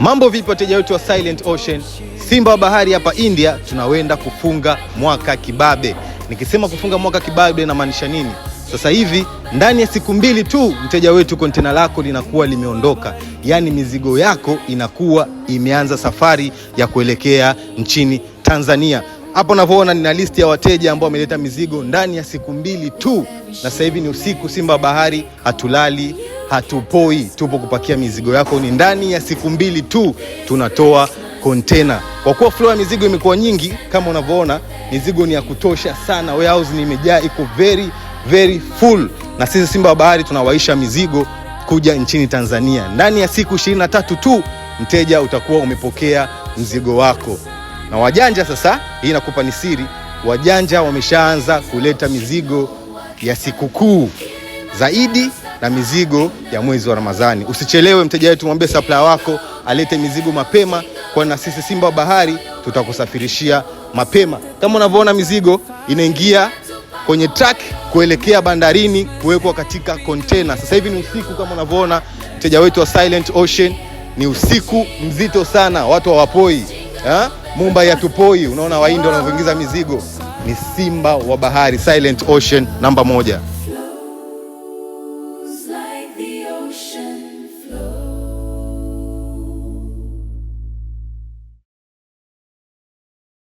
Mambo vipi wateja wetu wa Silent Ocean, simba wa bahari hapa India, tunawenda kufunga mwaka kibabe. Nikisema kufunga mwaka kibabe namaanisha nini? Sasa hivi ndani ya siku mbili tu, mteja wetu, kontena lako linakuwa limeondoka, yaani mizigo yako inakuwa imeanza safari ya kuelekea nchini Tanzania. Hapo unavyoona nina listi ya wateja ambao wameleta mizigo ndani ya siku mbili tu, na sasa hivi ni usiku. Simba wa bahari hatulali hatupoi, tupo kupakia mizigo yako. Ni ndani ya siku mbili tu tunatoa kontena. Kwa kuwa flow ya mizigo imekuwa nyingi, kama unavyoona, mizigo ni ya kutosha sana, warehouse nimejaa, iko very very full, na sisi Simba wa Bahari tunawaisha mizigo kuja nchini Tanzania. Ndani ya siku 23 tu mteja utakuwa umepokea mzigo wako. Na wajanja sasa, hii nakupa ni siri, wajanja wameshaanza kuleta mizigo ya sikukuu zaidi na mizigo ya mwezi wa Ramadhani. Usichelewe mteja wetu, mwambie supplier wako alete mizigo mapema, kwa na sisi Simba wa Bahari tutakusafirishia mapema. Kama unavyoona mizigo inaingia kwenye truck kuelekea bandarini kuwekwa katika container. Sasa hivi ni usiku, kama unavyoona mteja wetu wa Silent Ocean, ni usiku mzito sana, watu hawapoi ha? Mumbai yatupoi. Unaona wahindi wanavyoingiza mizigo ni Simba wa Bahari, Silent Ocean namba moja. the ocean flow.